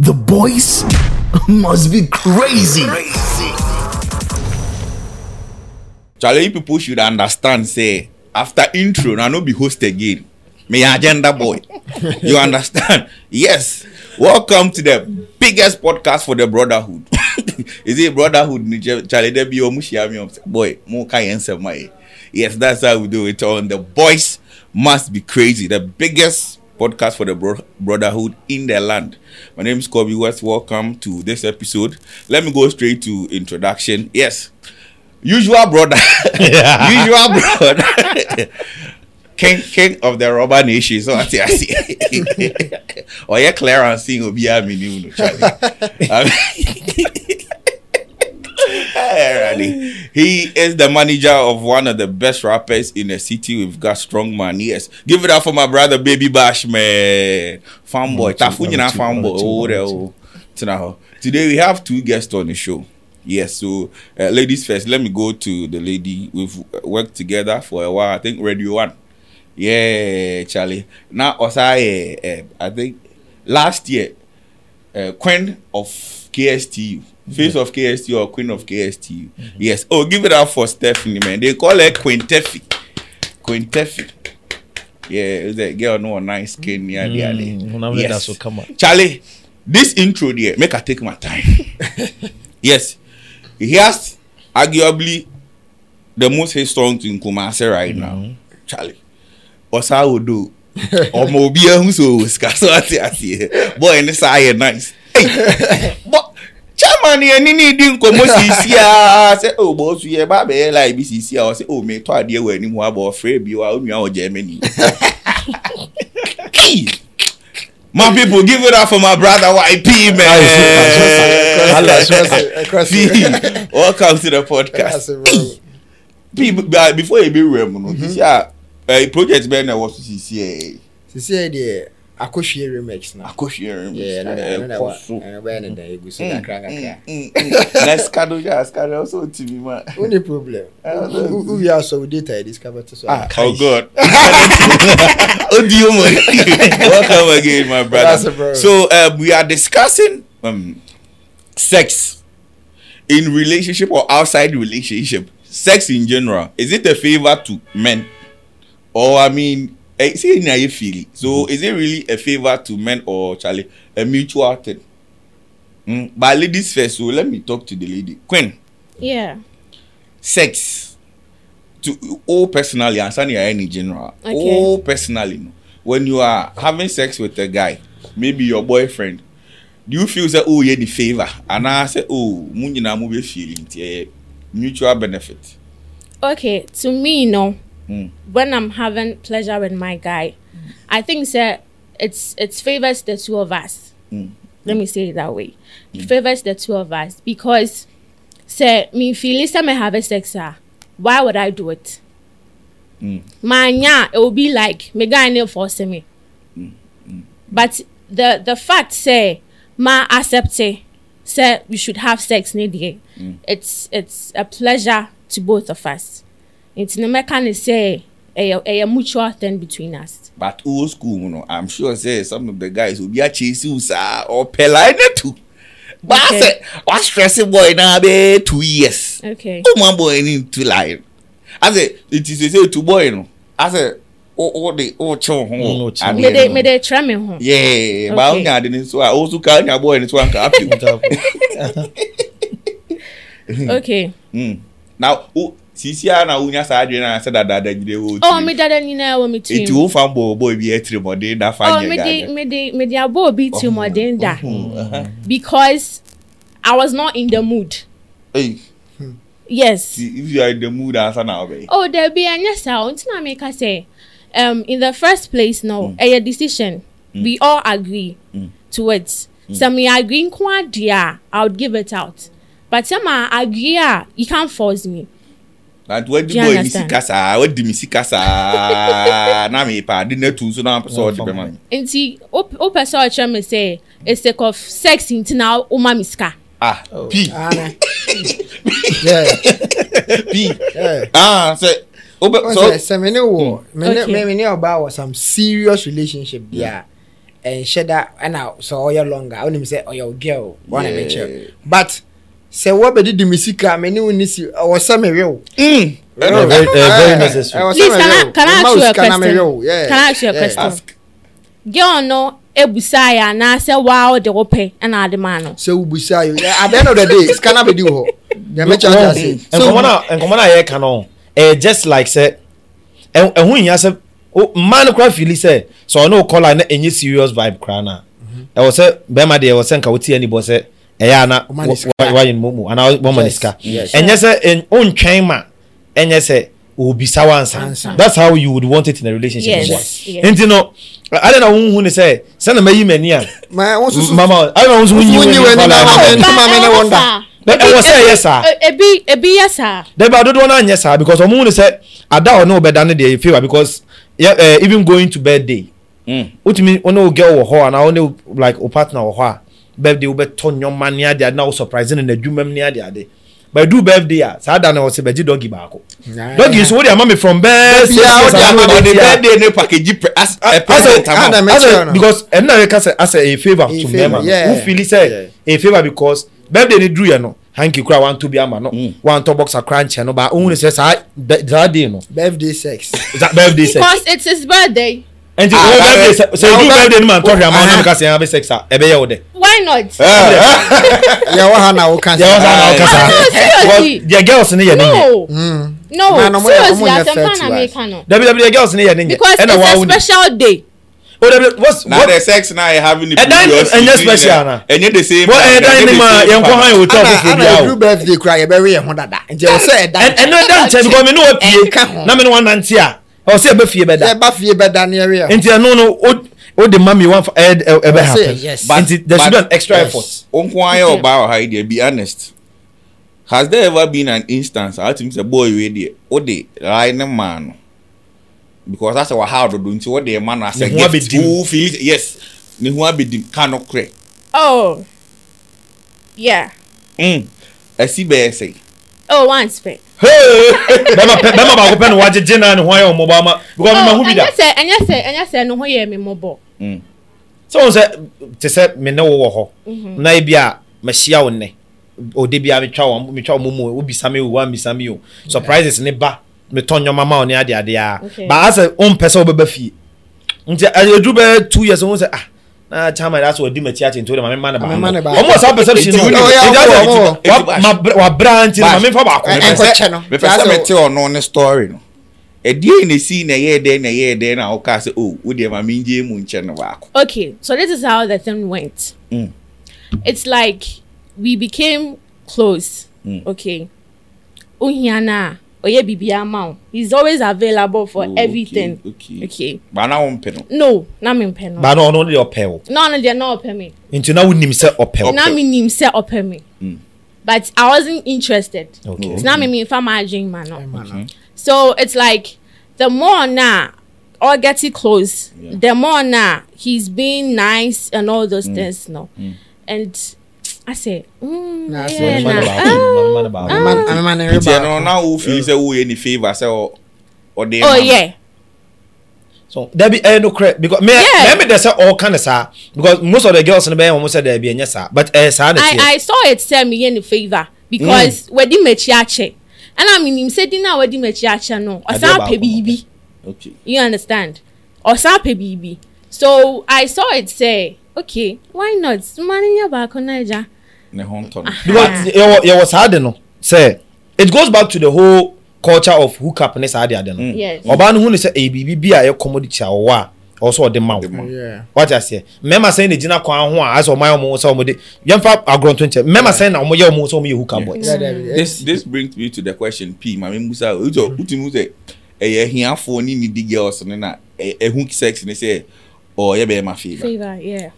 The boys must be crazy. crazy. Charlie, people should understand, say, after intro, I no be host again. Me agenda boy. you understand? Yes. Welcome to the biggest podcast for the brotherhood. Is it brotherhood? Charlie, there be Boy, more my. Yes, that's how we do it on. The boys must be crazy. The biggest podcast for the bro- brotherhood in the land. My name is Kobe West. Welcome to this episode. Let me go straight to introduction. Yes, usual brother, yeah. usual brother. King, king of the rubber nation, so oh, I see. I see. Or your clearance thing will be a minimum. he is the manager of one of the best rappers in the city. We've got strong man. Yes. Give it up for my brother, Baby Bash, man. Fanboy. Tafunyina fanboy. Oh, oh. Today we have two guests on the show. Yes, so uh, ladies first. Let me go to the lady. We've uh, worked together for a while. I think Radio One. Yeah, Charlie. Now, Osai, uh, I think last year, uh, Queen of KSTU face yeah. of KST or queen of KST. Mm-hmm. Yes. Oh, give it up for Stephanie, man. They call her Queen Teffy. Queen Teffy. Yeah, the girl no nice skin Yeah, mm yeah. yes. Charlie, this intro there, make I take my time. yes. He has arguably the most hit song in Kumasi right mm-hmm. now. Charlie. Osa will do. ọmọ obi ehun so sika so ati ati yẹ boy ni sa yẹ nice. Hey, but chairman yẹn ní ní ìdí nkò mo sì sí a ṣe o bọ̀ oṣù yẹn bá bẹ̀rẹ̀ láì bí sì sí a ọ ṣe o mi tọ́ wẹ̀ ni mo bọ̀ fẹ́ bi wa ó nu àwọn jẹ́ mi ni. my people give it up for my brother YP man. welcome to the podcast. before ebi rẹ̀ mu no mm-hmm. sisi a ah, eh, project bẹ́ẹ̀ na wọ́n sisi ẹ̀. sisi ẹ̀ díẹ̀. akɔhwie remix no akɔhwie remixɛkɔ sona sikado yɛ asikado ɛ sɛ ɔtimi ma wone problem wowie asɔ wo data ɛ discover to sɔo god odio oh, mu welcome again my brother bro. so uh, we are discussing um, sex in relationship or outside relationship sex in general is it a favor to men or i mean eh, see in a feel. So mm-hmm. is it really a favor to men or Charlie? A mutual thing. Mm. But ladies first, so let me talk to the lady. Queen. Yeah. Sex. To all oh, personally, and Sunny any general. Okay. All oh, personally. No. When you are having sex with a guy, maybe your boyfriend, do you feel say oh yeah the favor? And I say, Oh, mu nyina mu be feeling mutual benefit. Okay, to me, no. Mm. When I'm having pleasure with my guy, mm. I think that it's it favors the two of us. Mm. Let me say it that way. Mm. It favors the two of us because say me feel I may have a sex why would I do it? Mm. My nya, it will be like me guy never force me. Mm. But the the fact say ma accept say say we should have sex in mm. It's it's a pleasure to both of us. nti no mɛka ne sɛ ɛyɛ ɛyɛ mutual thing between us. but old school no i'm sure say some of the guys obi akyesi usaa ɔpɛ line ne tu baasɛ wastrɛsi boy na bɛ two years. okay o ma boy ni tu line asɛ eti sese tu boy no asɛ o de o kye o ho ade no mede mede kyerɛ mi ho. yee maa n nya ade ni so a o su ka n nya boy ni so a nka api o. okay. Mm. now o sisi a na wonya saa adwene na sɛ dadaada nyina wɔ tiri. ɔ mi dada nyinaa wɔ mi tirim. eti wo fa mbɔ obo bi etiri mɔden da fa nyɛ gaade. ɔ mi di mi di mi di abo obi tiri mɔden da because i was not in the mood. Hey. yes. if you are in the mood ansa na ɔbɛ. oh debi anya saa o ntina mi ka sɛ um in the first place no mm. ɛyɛ mm. decision we all agree mm. towards. to it. Mm. sɛ mi agree nko adeɛ i would give it out but sɛ ma agree a you can't force me. Mm na nti wadi bɔ mi sika saa wadi mi sika saa na mi pa di ne tu so na pɛ sɛ ɔdi bɛ ma mi. nti o pɛ sɛ ɔkyerɛ mi sɛ esek of sex nti na o ma mi sika. ah oh, p ah, p ah sɛ o bɛ sɔ. sɛ mi ni wɔ mi ni ɔba wɔ some serious relationship bi a ɛnhyɛ da ɛna sɛ ɔyɛ longer ɔnim sɛ ɔyɛ o girl wɔn na mi kyerɛ but sɛ wɔbɛdidi mi sika mi ni wuni si ɔwɔ sɛ mi wew. Mm. Eh, eh, eh, please can i can i ask you a question can i ask you a question girl no ebusa yi ana sɛ waa ɔde wɔpɛ ɛna adi maa no. sɛ ubusa yi at the end of the day scanner bɛ di wɔ yɛmɛ kya kya se. nkɔmɔ na nkɔmɔ na yɛ kan no ɛɛ just like sɛ ɛhu nya sɛ mmaa no kora fili sɛ sɛ ɔno kɔla na enye serious vibe kora na mhm. ɛwɔ sɛ bɛrima deɛ ɛwɔ sɛ nka o ti ɛni bɔ sɛ ɛyɛ ana wayɛ no mu anaa wɔma ne sika ɛnyɛ sɛ wontwɛn ma ɛnyɛ sɛ obisa wa ansa that's how you would want it in a relationship yes nti no ade na wohu ne sɛ sɛna mayi m'ani a mama ade na wo nso wonyi w'ani ne wonda ɛwɔ sɛ ɛyɛ saa ebi ebi yɛ saa dɛbi adodoɔ no anyɛ saa because ɔmo hu ne sɛ ada ɔne ɔbɛda ne deɛ efe wa because eh, even going to birthday mm. wotumi ɔne o girl wɔ hɔ anaa ɔne like o partner wɔ hɔ a birthday wobɛtɔ nyɔma ne ade ade na wo surprise no n'adwuma mu ne ade ade bɛdu birthday a saa da na wɔsɛ bɛgye dɔgi baako dɔgi nso wode ama me from birthdaybecause ɛno na meka sɛ asɛ ɛyɛ favor to mmarima no wofili sɛ ɛyɛ favor because birthday no duruyɛ no hanky kura wa ntobi ama no mm. wa ntɔ boxer kura nkyɛn no ba ohun sɛ saa day no. birthday sex. birthday sex. because it's his birthday nti wo birthday sɛ sɛ du birthday ni ma tɔ hwɛ a ma kasi ɛn abɛ sex a ɛbɛ yɛ o dɛ. why not. yɛ wɔ ha na o kan sa. yɛ ha na o kan sa. yɛ girls ni yɛ ni yɛ. no no seriously asɛmpa na mi kan no. dabi dabi yɛ girls ni yɛ ni yɛ. because it's a special day. o dabi what's na the sex na yɛ having the previous ɛdan ɛnyɛ special na. ɛnyɛ the same. wɔ ɛdan ni ma yɛn kɔ han yɛ o tɔ fufuo bi awo. ana ana du birthday kura yɛ bɛ wi yɛ ho dada nti ɛwɔ sɛ ɛdan. ɛnɛ ɛdan kyɛ because mi ni wa pie na mi ni wa nante a ɔsɛ ɛbɛ fie bɛda ɛba fie bɛda ne ɛwia nti ɛno no o o de ma mi wan fa ɛɛ ɛbɛ happen nti there should be an extra yes. effort. o n kun ayɛ ɔbaa ɔha yi deɛ be honest has there ever been an instance a ti mi sɛ boy wei deɛ o de lie ne maa no because asɛ wa ha dodo nti o de ma no asɛ gift o feel yes ne ho abedim ka no oh yeah. Mm. ɛsi bɛyɛ sɛyi oh once pɛ. bɛma pɛ bɛma baako pɛ ni wagyegye na ne ho ayɛ ɔmɔbɔ ama because ɔmɔ hu bi da. ɛnyɛ sɛ ɛnyɛ sɛ ɛnyɛ sɛ ne ho yɛ mi mɔbɔ. sɛ sɛ te sɛ me ne wo wɔ hɔ mm-hmm. na ebi a mahyia wo nnɛ ode bi a metwa wo metwa wo mumu wo bisa mi wo wa bisa mi o surprises ne ba metɔ nyɔma mama oni ne adeade a ba asɛ o mpɛ sɛ wo bɛba fie nti eduru bɛ two years o n ah na chama that's what dima tiache ntori mame mana ba omo sa perception no ida wa brand no mame fa ba ko me pese me pese me te story no ɛdeɛ na ɛsi na ɛyɛ dɛn na ɛyɛ dɛn na ɔka sɛ o wo deɛ maame ngye mu nkyɛn no baako. okay so this is how the thing went. Mm. it's like we became close. Mm. okay ohia naa oyɛ bibi ama o he is always available for oh, everything okay okay baana wɔn pɛ no no na mi pɛ no baana ɔno deɛ ɔpɛ o na ɔno deɛ na ɔpɛ mi nti na wonim sɛ ɔpɛ o na mi nim sɛ ɔpɛ mi but i wasnt interested okay na mi mi fa maa dream ma no so it's like the more na or getting close yeah. the more na he's being nice and all those mm. things no mm. and asɛ mm, oh. ntiɛ oh, eh, no na wofii sɛ woyɛ ne favor sɛ ɔde ɔyɛ so dabi ɛyɛ no korɛ because mɛ mɛ mi dɛ sɛ ɔka ne saa because most of the girls no bɛyɛ wɔn sɛ dabi ɛnyɛ saa but ɛyɛ saa ne tiɛ. i i saw it sɛ mi yɛ ne favour because mm. wɛdi mɛkyi akyɛ ɛna mi nim sɛ di na wɛdi mɛkyi akyɛ no ɔsan apɛ biribi okay you understand ɔsan apɛ biribi so i saw it sɛ okay why not mmanu nyɛ baako naija ne ho ntɔ no. because yɛwɔ yɛwɔ saa de no sɛ it goes back to the whole culture of hookup ne saa de ade no. Mm. ɔbaa no hu ne sɛ ɛyɛ biribi bi a ɛyɛ commodity a ɔwɔ a ɔsɔ ɔde ma wo wate aseɛ mmarima sɛn na gyina kwan ho a asɛ ɔman ɔmo sɛ ɔmo de yɛmfa agorɔnto nkyɛn mmarima sɛn na ɔmo yɛ ɔmo sɛ ɔmo yɛ hookup boys. this this brings me to the question p maame musa o yitɔ utumi sɛ ɛyɛ hiafoɔ ne needy girls ne na ɛhu sex ne sɛ ɔyɛ bɛyɛ ma favour. favour yeah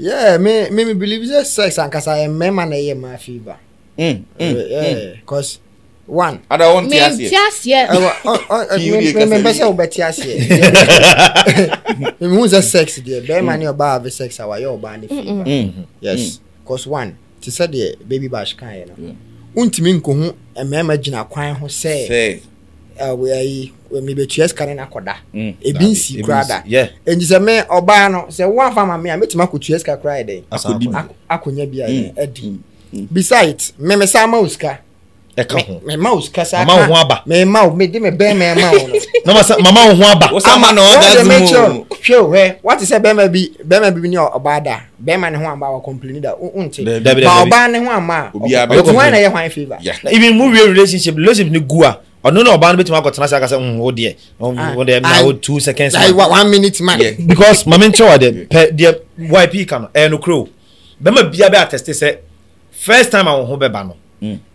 yeah me me me believe say sex ankasa ẹ mẹ́ẹ̀ma na ẹ̀yẹ máa fi ba. cause one. ada wọn ti aseɛ. mi ti aseɛ. mi bɛ sɛ o bɛ ti aseɛ. mi hun sɛ sex deɛ bɛɛma ni ɔbaa abi sex a wayɛ ɔbaa ne fi ba. yes mm. cause one ti sɛ deɛ baby bash kan yɛ no. ntumi nkohu mmarima gyina kwan ho sɛ wɔayi mebɛtua sika no no akɔda ebi nsi koraa da ɛnti sɛ me ɔbaa no sɛ woamfa ma me a mɛtumi akɔtua sika koraa yɛ dɛn akɔnya bi a ɛdi besides meme saa ma wo sika ɛka ho mema wo sika saa mama wo ho aba mema wo mede me bɛrima ma wo no na mama wo ho aba ama na ɔda zi mu hwɛ o hɛ wate sɛ bɛrima bi bɛrima bi ne ɔbaa da bɛrima ne ho ama wɔ complain da wonte ba ɔbaa ne ho ama a ɔtumi na yɛ hwan favour even mu wie relationship relationship ne gu a ọdún náà ọba níbi tí wọn akọ tẹná sí akasẹ ọhún ó diẹ ó diẹ na ó two seconds. like one minute man. Yeah. because maame n kyerɛ de pɛ deɛ yp ka no ɛyɛ no kuro bɛrima bia bɛ atɛsite sɛ first time àwọn ho bɛ ba no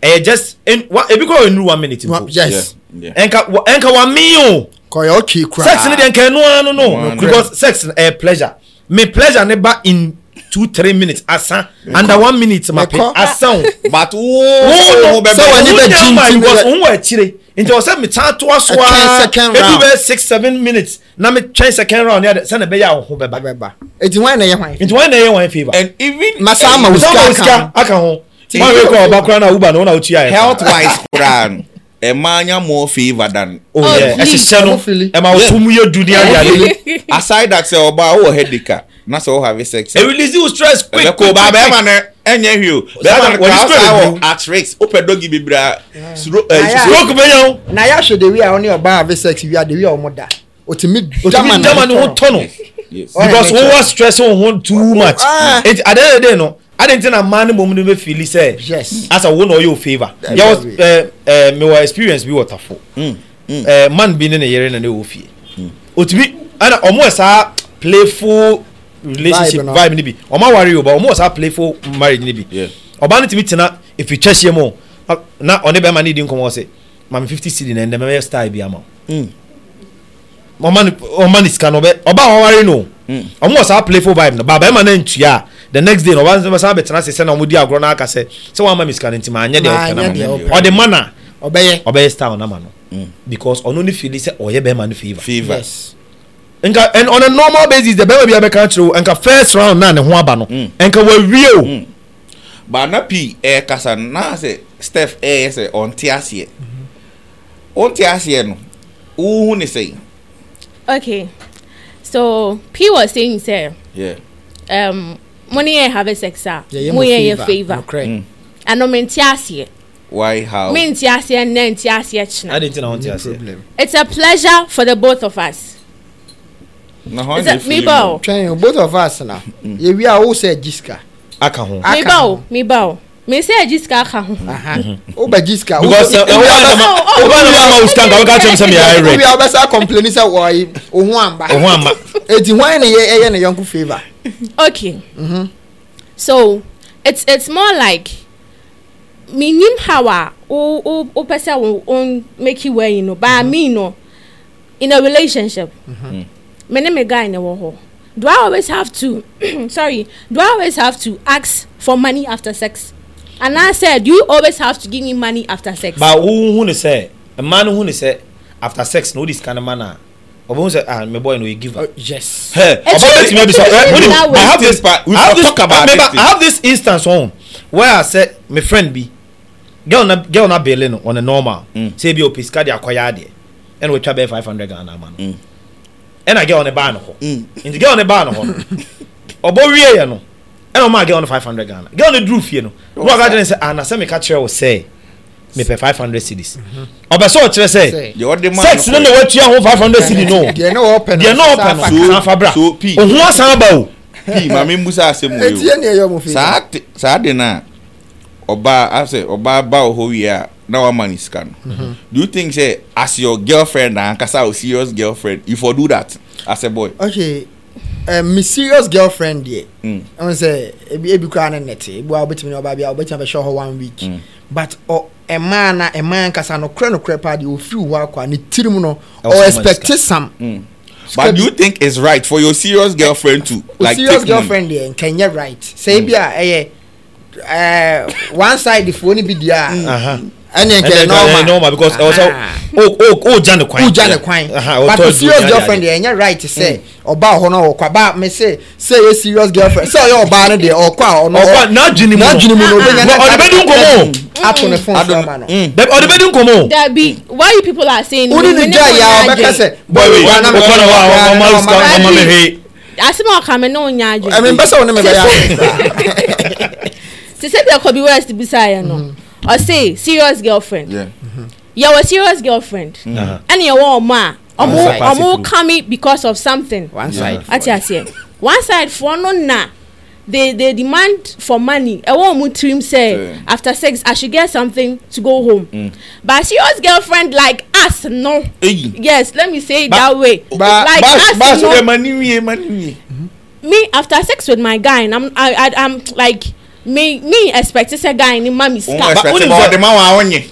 ɛyɛ just ebi kɔ enu one minute yes ɛnka ɛnka wa mii o. kɔyɔ kii kura sex ni de nka ɛnu ano no because sex ɛyɛ pleasure mi pleasure ni ba in two three minutes asan under one minute ma pe asan o. but wo no sọ wani bẹ jin ti bẹ. n wọ akyire nti ọsẹ mi tan to aso a edu bẹ six seven minutes na mi twẹn second round yadẹ sani bẹ yẹ aho bẹ ba. nti wọn na yẹ wọn. nti e wọn na yẹ wọn favour. masa ama osika e aka ho. wọn yẹ kọ ọba kura na uber na wọn o ti yà health wise kura no e ɛma anya more favour than. o yɛ ɛsisɛ no ɛma o fun mu yɛ duniya yare. aside that sɛ ɔbaa o wɔ headache na sɛ wɔhɔ ave sex. e release you stress quick quick quick. ɛbɛkɔ bɛrɛma no ɛnyɛ hwio bɛrɛma no kura ɔsa wɔ atrix wopɛ dɔgi bebree a suro ɛɛ stroke bɛyɛ o. na yɛ ahyɛ dewi a ɔne ɔba ave sex wi a dewi a ɔmo da otimi dama ne ho tɔ no because wo wa stress wo eh, ho too much eti ah. at the end of the day no adi ntina maa ni mo mu ni bɛ fili sɛ asa wo na ɔyɛ o favour yawo ɛɛ eh, eh, mi wɔ experience mm, mm. Mm. bi wɔ tafo ɛɛ man bi ne ne yɛrɛ na ne wo fie otimi ɛna ɔmo yɛ saa playful relationship vibe, vibe níbi ọmọ awari yorùbá ọmọ ọsà playful marriage níbi ọba ní tìmí tìna efi kyẹsẹ mu na ọne bẹẹma ní ìdí nkọmọ ọsẹ maame fifty cedi na ẹnẹ mẹyẹ style bi ama ọma ní sika n'ọbẹ ọba àwọn awari nù ọmọ ọsà playful vibe nù bàbá ẹ̀ma náà ntuya the next day ọba ní sábà bẹ̀tẹ̀ná sẹ sẹ́nà ọmọ di agorọ náà kà sẹ sẹ wọn ama mi sika ní ntìmọ̀ ànyẹ́ deẹ ọ̀kẹ́ náà ọ̀dẹ̀ mana ọbẹ̀yẹ ọbẹ̀yẹ style náà ma nù because ọ̀nà onífìlì sẹ ọ̀yẹ́ bẹ́ẹ̀ ma ní favour. nka on a normal basis the bɛrɛ bi a bɛ kan kyerɛ o nka first round naa ne ho aba no hmm. nka wawie o. Oh. Hmm. baana pii ɛɛkasa eh, naa sɛ steph ɛɛyɛ eh, sɛ ɔnte aseɛ ɔnte mm-hmm. aseɛ no wohu ne sɛ. okay so p was saying sɛ. Yeah. Um, mo ni yɛ have sex a mo yɛ yɛ favour ano mi nti aseɛ. why how. mi nti aseɛ nɛ nti aseɛ I didn't know wɔn nti it's a pleasure for the both of us. Is mebawo twɛn both of us na yɛwi a wo sɛ gyi sika aka ho mebawo mebawo mese agyi sika aka ho wobɛgyi sika wobɛsa wobɛsa complaini sɛ wɔyi wo ho amba wo ho amba ɛti hwan ne ɛyɛ ne yɔnko favor okay mm -hmm. so it's it's more like menyim how a uh, wopɛ sɛ wo make you well you know but i mm-hmm. mean no in a relationship mm -hmm me ne me guy na wɔ hɔ do i always have to sorry do i always have to ask for money after sex and i said do you always have to give me money after sex. ba wo hu ne sɛ mmaa no hu ne sɛ after sex na o di sika ne ma na ọbọ̀n sẹ ah my boy no you give up. Uh, yes. ọba bẹẹ ti mi bisa i have this I have this thing. i have this instance on where i say my friend bi girl na girl na bailey no on a normal mm. say ebi o pe sika de akɔya adeɛ ɛna o twa bɛɛ five hundred ghana ama no. Mm ɛna girl ne baa ne hɔ mm. nti girl ne baa ne hɔ no ɔbɔ wie yɛ no ɛna ɔmaa girl no five hundred ghana girl no duru fie no ne waka kyerɛ ne sɛ anasɛ ah, meka kyerɛ wo sɛ mepɛ five hundred cedis ɔbɛ mm-hmm. sɛ ɔkyerɛ sɛ sex no na watua ho five hundred cedi no deɛ ne ɔpɛ no afa bra ohun asan ba o. pii maame mbusa asɛm wo yi o saa de na ɔbaa asɛ ɔbaa ba wɔ hɔ wie a na one man is scan mm -hmm. do you think say as your girlfriend na ankasa o serious girlfriend you for do that as a boy. okay um, me serious girlfriend deɛ ɛn sɛ ebi ebi kura ne nɛte ebi wa obetumi na ɔbaa bi a obetumi abɛhyɛ hɔ one week mm. but ɔ ɛmaa na ɛmaa nkasa no kura no kura paa deɛ ofiri hɔ akɔ a ne tiri mu no ɔ expect sam. but do you think it's right for your serious girlfriend to like serious girlfriend deɛ nkɛnyɛ right Say, ebi a ɛyɛ one side fo ni bi di a ɛne nkɛ nɔɔma nɔɔma because ɔsɛ o o ja ne kwan o ja ne kwan but mm. a serious girlfriend yɛ ɛnyɛ right sɛ ɔbaa ɔhɔ no ɔkɔ ba mɛ sɛ sɛ serious girlfriend sɛ ɔyɛ ɔbaa no deɛ ɔkɔ a ɔno ɔkɔ n'adwini mu n'adwini mu n'obɛnya ne ɔde bɛ di nkɔmɔ ato ne fon sama no ɔde bɛ di nkɔmɔ. dabi why you people are saying. wúni ni jẹ́ ìyá ọbẹ̀kẹ́ sɛ bọ́ọ̀lù wa náà mẹ́kọ́ asima ọkàmẹ náà ń yá adwene. ẹ̀mí bẹ́sẹ̀ wọn ni mi bẹ̀ yá. sísẹ́ bí ọkọ̀ bí west bí sáyẹn nù or say serious girlfriend yeah. mm-hmm. you're a serious girlfriend mm-hmm. and you're one ma ọmọ ọmọ kami because of something one side ati ati one side for no na they they demand for money ẹ wọ́n mu trim say after sex i should get something to go home mm. but serious girlfriend like us no hey. yes let me say it ba, that way ba, like ba, us ba, no ba so de eh, mani me after sex with my guy and i'm i i i'm like mi mi expect sɛ guy ni ma mi sika. wọn expect sɛ ɔdi ma wọn awon nye.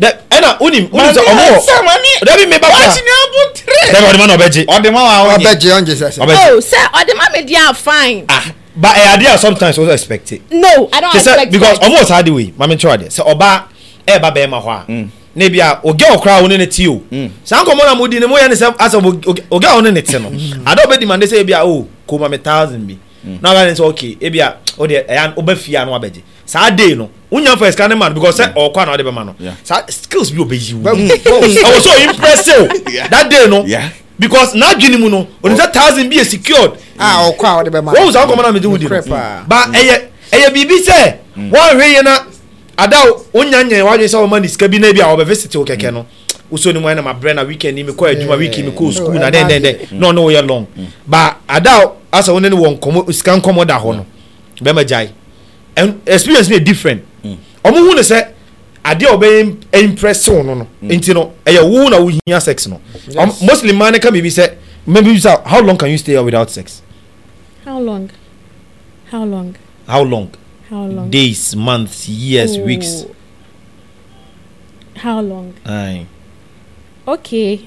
dɛ ɛna wuni wuni sɛ ɔmu wɔ dɛbi mi ba kura wɔsi ni ɔbu tire. dɛbi ɔdi ma na ɔbɛ je. ɔdi ma wọn awon nye ɔbɛ je ɔnje sɛ sɛ. o sɛ ɔdi ma mi di a fine. ah but ɛyà eh, di a sometimes also expect it. no i don't expect it. because ɔmu wɔ saa de wei maame n tura de sɛ ɔba ɛɛba bɛɛma hɔ a ne bia oge okra wo ne ne ti o mm. saa nkɔmɔ na mo di ne mo yɛ ne sɛ asɛ oge a ne ne ti no adɔ bɛ di ma ne sɛ ebi a o ko ma mi thousand bi na ɔba ne sɛ okay ebi a ɔde oh ɛya eh, ɔba fie ano abɛgye saa day no wunya fɔ ɛsika ne ma no because sɛ ɔkɔ ana ɔde bɛ ma no saa skills bi ɔbɛyi wo ɔwɔ so impressive oh. that day no because n'adwene mu no oh. onisa thousand bi yɛ secured a ɔkɔ a ɔde bɛ ma no wɔn wusa akɔmɔ na mi di wudi no ba ɛyɛ ɛyɛ biribi sɛ wɔn ahwɛ yɛ na ada onyanya wɔn adwene sɛ wɔn ma ne sika bi na ebi a ɔbɛ visit wɔ kɛkɛ no wosɛ ne mu ayɛ na mabrɛ na weekend ni mekɔ adwuma week mekɔ school na dɛn dɛn dɛn na ɔne woyɛ long mm. ba ada asɛ wone ne wɔ nkɔmmɔ sika nkɔmmɔ da hɔ no bɛma gyae experience no yɛ different ɔmo mm. hu ne sɛ adeɛ a ɔbɛyɛ impress wo no no mm. nti no ɛyɛ wo na wohia sex no mostly maa ne ka biribi sɛ maybe sɛ how long can you stay without sex how long how long how long how long days months years oh. weeks how long Aye okay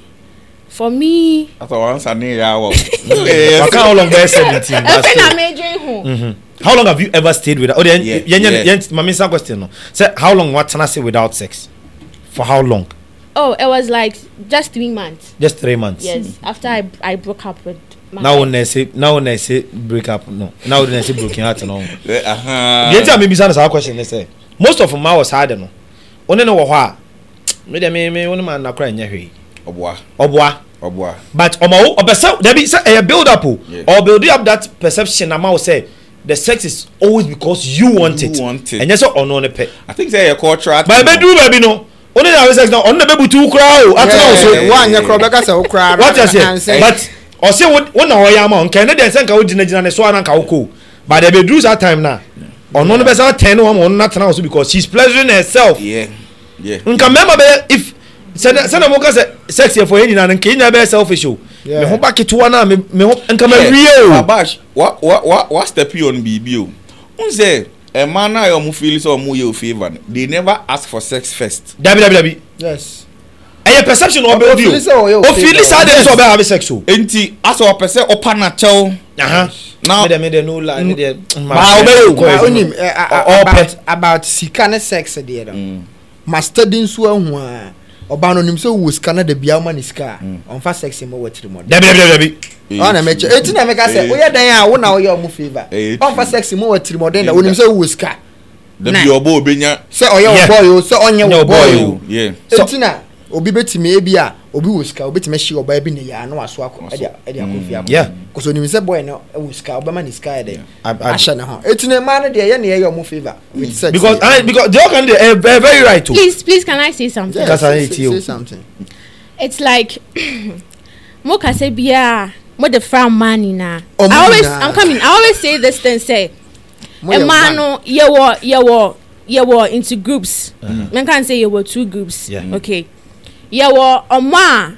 for me. after one sani ya wa. waka how long bẹ́ẹ̀ seventeen. ẹ̀fẹ̀ na méjì hù. how long have you ever stayed without. oh yeah yeah yeah yeah mami sa question no say how long wa tana stay without sex for how long. oh it was like just three months. just three months. yes after I, I broke up with now when na say now when na say break up no now when na say broken heart no. diẹ ti a mi bisa na our question ne say most of them, I was de no one ne know hɔ mi dɛ mi mi wɔn mu anakora nyɛ hwee. ɔboa ɔboa ɔboa. but ɔmɔ wo ɔbɛsɛ dabi sɛ ɛyɛ build up o ɔbuild up that perception ama wo sɛ the sex is always because you want you it ɛnyɛ sɛ ɔno ne pɛ. i think sɛ ɛyɛ cultural thing. baabi duru baabi no o ne na awo sex na ɔno na bɛ butu kura o atena o so. wa nyɛ kura ɔbɛka sɛ o kura ara wati ase but ɔsi wo na ɔyɛ ama nkɛ ne deɛ nsɛ nka o gyinagyina ne so ara nka o ko but ɛbɛ duru saa time na ɔno ne bɛ sɛ ɔtɛn ne wɔn ma ɔno na tena o so because she is pleasuring herself. Yeah nka mmarima bɛyɛ if sɛnɛ sɛnɛ mo ka sex yɛ fɔ yɛ nyinaa nka yɛ nyinaa bɛyɛ selfish o mɛ ho ba ketewa naa mɛ mɛ ho nka mɛ wie o. abash wa wa wa wa step yi on biribi o n sɛ ɛmaa naa yɛ ɔmo feel sɛ ɔmo yɛ o favour no they never ask for sex first. dabi dabi dabi. yes. ɛyɛ perception ɔbɛ obi o ofili saa de sɛ ɔbɛ have sex o. nti asɛ ɔpɛ sɛ ɔpa na kyɛw. na mede mede no la mede. maa ɔbɛ o kɔ eh, yɛ. about about sika ne sex deɛ dɛ. Mm master di nso ahu a ɔbaa no nim sɛ wo sika na dabi ama ne sika a mm. ɔmfa sex ma wɔakyiri mɔ dabidabidabi ɔna mɛkyɛ ɛti na mɛka sɛ woyɛ dan a wo na woyɛ ɔmo favor ɔmfa sex ma wɔakyiri mɔ den na wonim sɛ wo sika dabi sɛ ɔyɛ ɔbɔɔyo sɛ ɔnyɛ ɔbɔɔyo ɛti na obi bɛtumi ebi a obi wɔ sika obɛtumi ahyia ɔbaa bi ne yaa na waso akɔ ɛde ɛde akɔ mm. fie akɔ kɔsɔ onim sɛ bɔyɛ no ɛwɔ sika ɔbɛma ne sika yɛ dɛ ahyɛ ne ho eti ne mmaa no deɛ yɛ ne yɛ yɛ ɔmo favour. Mm. because i because the okan de ɛ ɛ eh, eh, very right o. Oh. please please can i say something. yes say, say something. it's like mo kasa biara mo de fra mmaa nyinaa. ɔmo nyinaa i always i'm coming i always say this thing say mmaa no yɛ wɔ yɛ wɔ yɛ wɔ into groups uh-huh. men kan say yɛ wɔ two groups yeah. okay yɛwɔ ɔmo a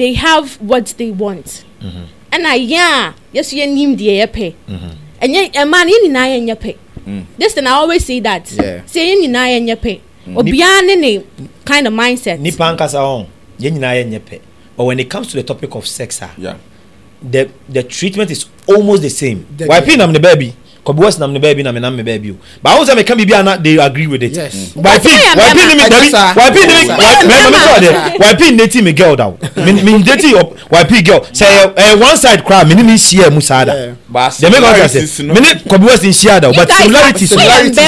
they have what they want mhm. ɛna yɛn a yɛsɔ yɛn nim deɛ yɛpɛ mhm. ɛnyɛ ɛmaa no yɛn nyinaa yɛn nyɛ pɛ mm. this thing i always say that say yɛn nyinaa yɛn nyɛ pɛ mm. obiara ne ne kind of mindset. nipa ankasa hɔn yɛn nyinaa yɛn nyɛ pɛ but when it comes to the topic of sex ah yeah. the the treatment is almost the same. wàá pín nam ní bẹ́ẹ̀ kɔbi wɔsi nam ne bɛɛ bi na mɛ nam mɛ bɛɛ bi o ba awo sɛ mɛ kan bi bi ana they agree with it waipi waipi ni mi dabi waipi ni mi mɛ mɛ sɔ dɛ waipi ne ti mi girl da o mi de ti waipi girl sɛ ɛ eh, eh, one side kora mi ni mi si yɛ mu saa da dɛmɛ kɔn ta sɛ mi ni kɔbi wɔsi n si yɛ da o but similarity so yɛ ti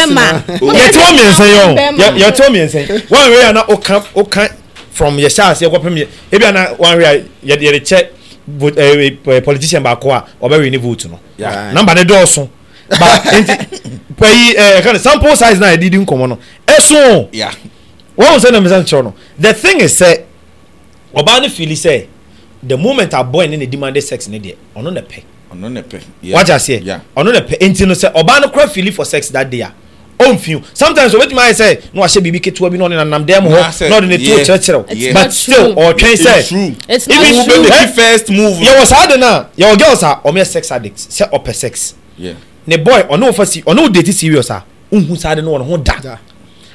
wɔ miɛnsa yɛ o yɛ ti wɔ miɛnsa yɛ wɔn wɛ yɛ na o kan o kan from yɛ hyɛ ase yɛ kɔ pɛm yɛ ebi ana wɔn wɛ yɛ yɛ de kyɛ eh, politician baako a ɔbɛ wɛ ne vote no number ne dɔɔso but nti pɛyi ɛɛ kan sample size naa yɛ didi nkɔmɔ no ɛso wɔn sɛ na mesa nkyɛn no the thing is sɛ ɔbaa no fili sɛ the moment a boy ne ne demanded sex ne deɛ ɔno na pɛ ɔno na pɛ wagya seɛ ɔno na pɛ nti no sɛ ɔbaa no kora fili for sex that day a ɔmfiw sometimes obetumi ayɛ sɛ na wahyɛ biribi ketewa bi na ɔne nanam dɛm hɔ na ɔde ne tuo kyerɛkyerɛw but still ɔtwɛn sɛ even true yɛwɔ saa de no a yɛwɔ girls a ɔmyɛ sex addict sɛ ɔpɛ sex ne boy ɔne wofa si ɔne wodate serious a wohu saa de no wɔne ho da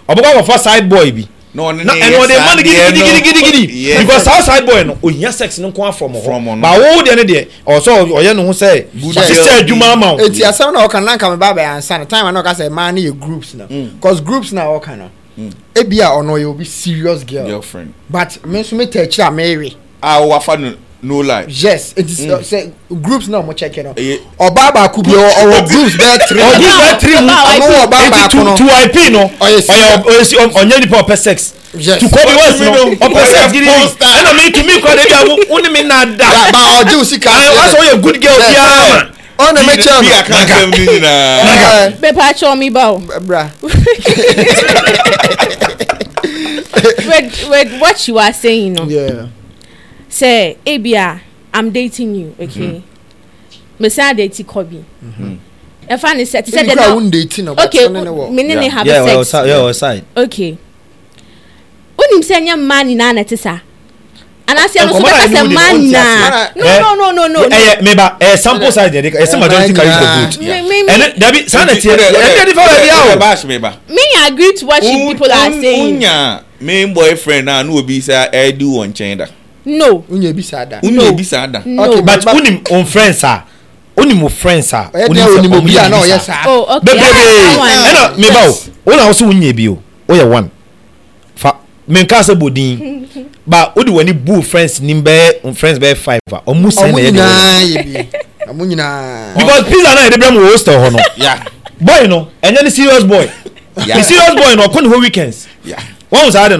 ɔbɛkɔ wɔfa side boy bi na ɛna gidi gidi gidi gidi, because saa side boy no ohia sex no nko afɔm hɔ ba wo deɛ no deɛ ɔsɛ ɔyɛ ne ho sɛ sisɛ adwuma ama wo. eti asɛm na ɔka nanka mi ba bɛ ansa no time na ɔka sɛ maa no yɛ groups na mm. cause groups na ɔka no mm. ebi a ɔno yɛ obi serious girl but mi nso mi tɛ akyire a mɛɛwe. a wafa no no lie. yes it is mm. uh, say groups náà mo check eh, yẹn náà ọba baako bi ọwọ groups bẹẹ tiri mu ọwọ groups bẹẹ tiri mu ọmọ ọba baako náà tu ip nọ ọyẹ ọnyẹ nipa ọpẹ sex tukọ bi wẹsi nọ ọpẹ sex gidi bi ẹnna mi tumi kọ de bi awo wọnni mi na da ba ọjọ sika ẹ wá sọ yẹ good girl bi ama ọ na mẹkyẹ ọ nọ bẹpẹ akyọ mi ba o. with with what you are saying. You know, yeah. sɛ ebia i'm dating you okay mesia date kɔbi ɛfa ne sɛ ti sɛ de na okay me ne ne have sex okay wonim sɛ nyɛ mmaa nyinaa na ɛte saa anase ɛno so bɛka sɛ mmaa nyinaa no no no no no ɛyɛ meba ɛyɛ sample size deɛ ɛyɛ sɛ majority carries the vote ɛnɛ dabi saa na tiɛ ɛbi ɛdi fɛn wɛbi awo me nya agree to what people are saying. unya main boyfriend naa n'obi sɛ ɛdi wɔn nkyɛn da no unye bi saa da wunye bi saa da okay but wunim on friends a wunim o friends a wunim o bi a na ɔyɛ saa bebrebe ɛna mi ba o wɔn a wɔso wunye bi o wɔyɛ one fa mɛnka sɛ bodin ba o de wɔn ani bu friends ni bɛɛ friends bɛɛ five a ah. ɔmo sɛn na yɛ de wɔn ɔmo nyinaa because pizza náà yɛ de bɛrɛ mu wɔ hostel hɔ no boy no ɛnyɛ ni serious boy ni serious boy no ɔkɔ ni hɔ weekends wɔn wò sáá de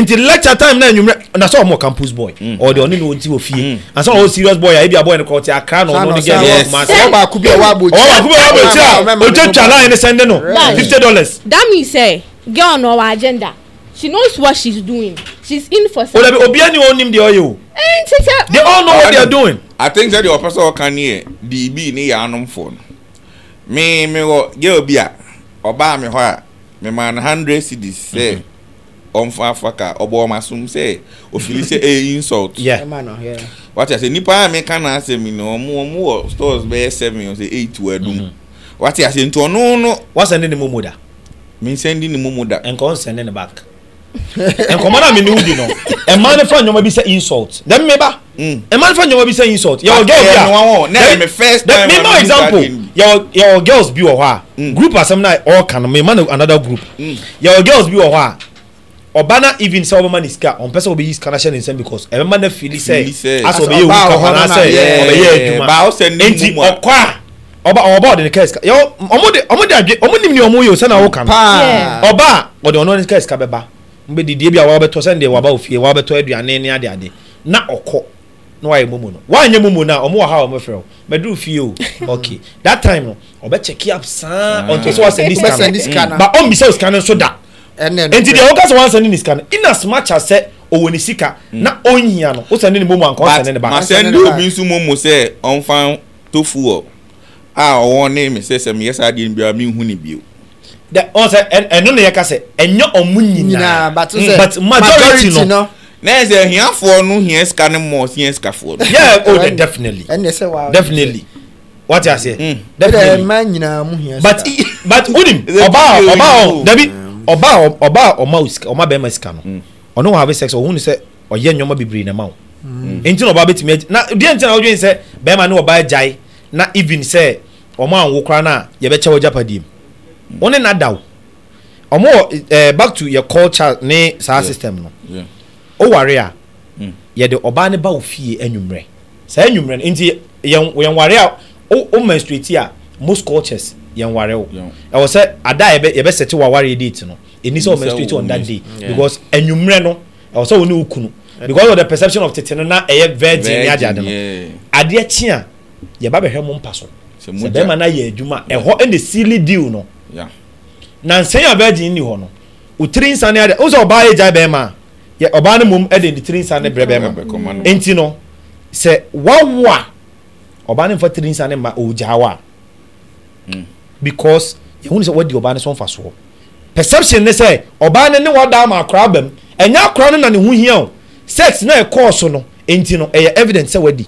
nti lecture time na enyimire na sọ ọmọ campus boy mm. ọdẹ ọni na oti ofie mm. asan ọwọ serious boy a ebi abọ ẹni kọ ọtí akra na ọdún ní gẹẹsì ọwọ baako bi ọwọ baako bi ọwọ eti a ojú twa náà ẹni sẹndẹ nù fifty dollars. that means say eh, girl na our agenda she knows what she is doing she is in for something. olabi obi ẹni wọn nim de ọyẹ o. Eh, they all know what they are doing. i think say the ọpẹ sọ ọkan ni yẹ di ibi ni yà ánum fọ mi mi wọ girl bi a ọbaa mi hɔ a mi ma na hundred cedis sẹ. Eh, mm -hmm ɔmfafa ka ɔbɔ ɔma som sɛ ofili sɛ ɛyɛ insult wate ase nipa a meka na asɛm no ɔmo ɔmo wɔ stores bɛyɛ seven ɔsɛ eight wɔ ɛdum mhm. wate ase nti ɔno no. wasɛnde ne momo da. mi nsɛnde ne momo da. nkɔ nsɛnde ne back nkɔmɔ naa mi ni wudi no ɛmaa ne fa nyɔma bi sɛ insult dɛm mi ba mm. ɛmaa ne fa nyɔma bi sɛ insult yɛwɔ girls bi a dɛm mi ma example yɛwɔ girls bi wɔ hɔ a mm. group asɛm na ɔɔka no mi ma ne another group mm. yɛwɔ girls bi wɔ hɔ a ọba na even sẹ ọbẹma ne sika ọmpẹ sẹ ọbẹ yi sika na hyẹ ne nsẹm because ẹbẹma na fili sẹ asọ ọbẹ yẹ ewu kakọ anasẹ ọbẹ yẹ edwuma eti ọkọ a ọba ọba ọdi kẹ sika yọ ọmọ de ọmọ de adwe ọmọ nim ni ọmọ yẹ o sẹ na ọka no ọba a ọdi ọno ne kẹ sika bẹba mbẹ didie bi a wa bẹtọ de ndẹ waba ofie wa bẹtọ aduane ne ade ade na ọkọ na wayɛ mumu no wa wanyɛ mumu na ɔmo wɔ ha ɔmo fɛ o mɛduru fie o okay that time no ɔbɛ check up saa ɔntɔ so wa sɛ ni sika no ba ɔmbisa o sika no nso da nti deɛ wɔka sɛ wansɛne ne sika no inasmuch as sɛ ɔwɔ ne sika mm. na ɔnhia no wosɛne ne momu anka ɔsɛne ne ba masɛnde obi nso momu sɛ ɔmfa tofuɔ a ɔwɔ ne me sɛ sɛ meyɛ saa deɛ no biara menhu ne bio ɔn sɛ ɛno ne yɛka sɛ ɛnyɛ nyinaa but mm. majority no na ɛsɛ hiafoɔ no hia sika no mɔ hia sikafoɔ no yeah oh definitely definitely wate aseɛ mm. definitely but but wonim ɔbaa ɔbaa ɔ dabi. ɔbaa ɔbaa ɔma osika ɔma bɛrima sika no ɔno mm. wɔ have sex ɔhun sɛ ɔyɛ nneɛma bebree na ma wo mm. nti na ɔbaa bɛtumi na deɛ nti na ɔdwen sɛ bɛrima ne ɔbaa na even sɛ ɔmo anwo kora no a yɛbɛkyɛ wɔ japadeɛ mu wɔne mm. na daw ɔmo ọ ɛɛ back to yɛ culture ne saa system no ɔware a yɛde ɔbaa ne ba wo fie anwummerɛ saa nti yɛn yɛn a o o menstruate a. most cultures yɛn ware o ɛwɔ sɛ ada yɛbɛ sɛte wa ware date no ɛni sɛ ɔmɛ straight on that day because ɛnwummerɛ no ɛwɔ sɛ wɔne wo kunu because of the perception of tete no na ɛyɛ virgin ne adi adi no adeɛ kyi a bɛ bɛhwɛ mu mpa so sɛ bɛrima na yɛ adwuma ɛhɔ ɛna silly deal no nansɛn a virgin ni hɔ no o tiri nsa ne adi ɔbaa yɛ gya bɛrima yɛ ɔbaa ne mom ɛde ne tiri nsa ne brɛ bɛrima nti no sɛ wawa ɔbaa ne nfa tiri nsa ma ɔgya wa Hmm. because yɛhu ne sɛ wadi ɔbaa ne so mfa soɔ perception ne sɛ ɔbaa ne ne wadaa ma akora bɛm ɛnyɛ akora no na ne ho hia o sex na ɛkɔɔ so no nti no ɛyɛ evident sɛ wadi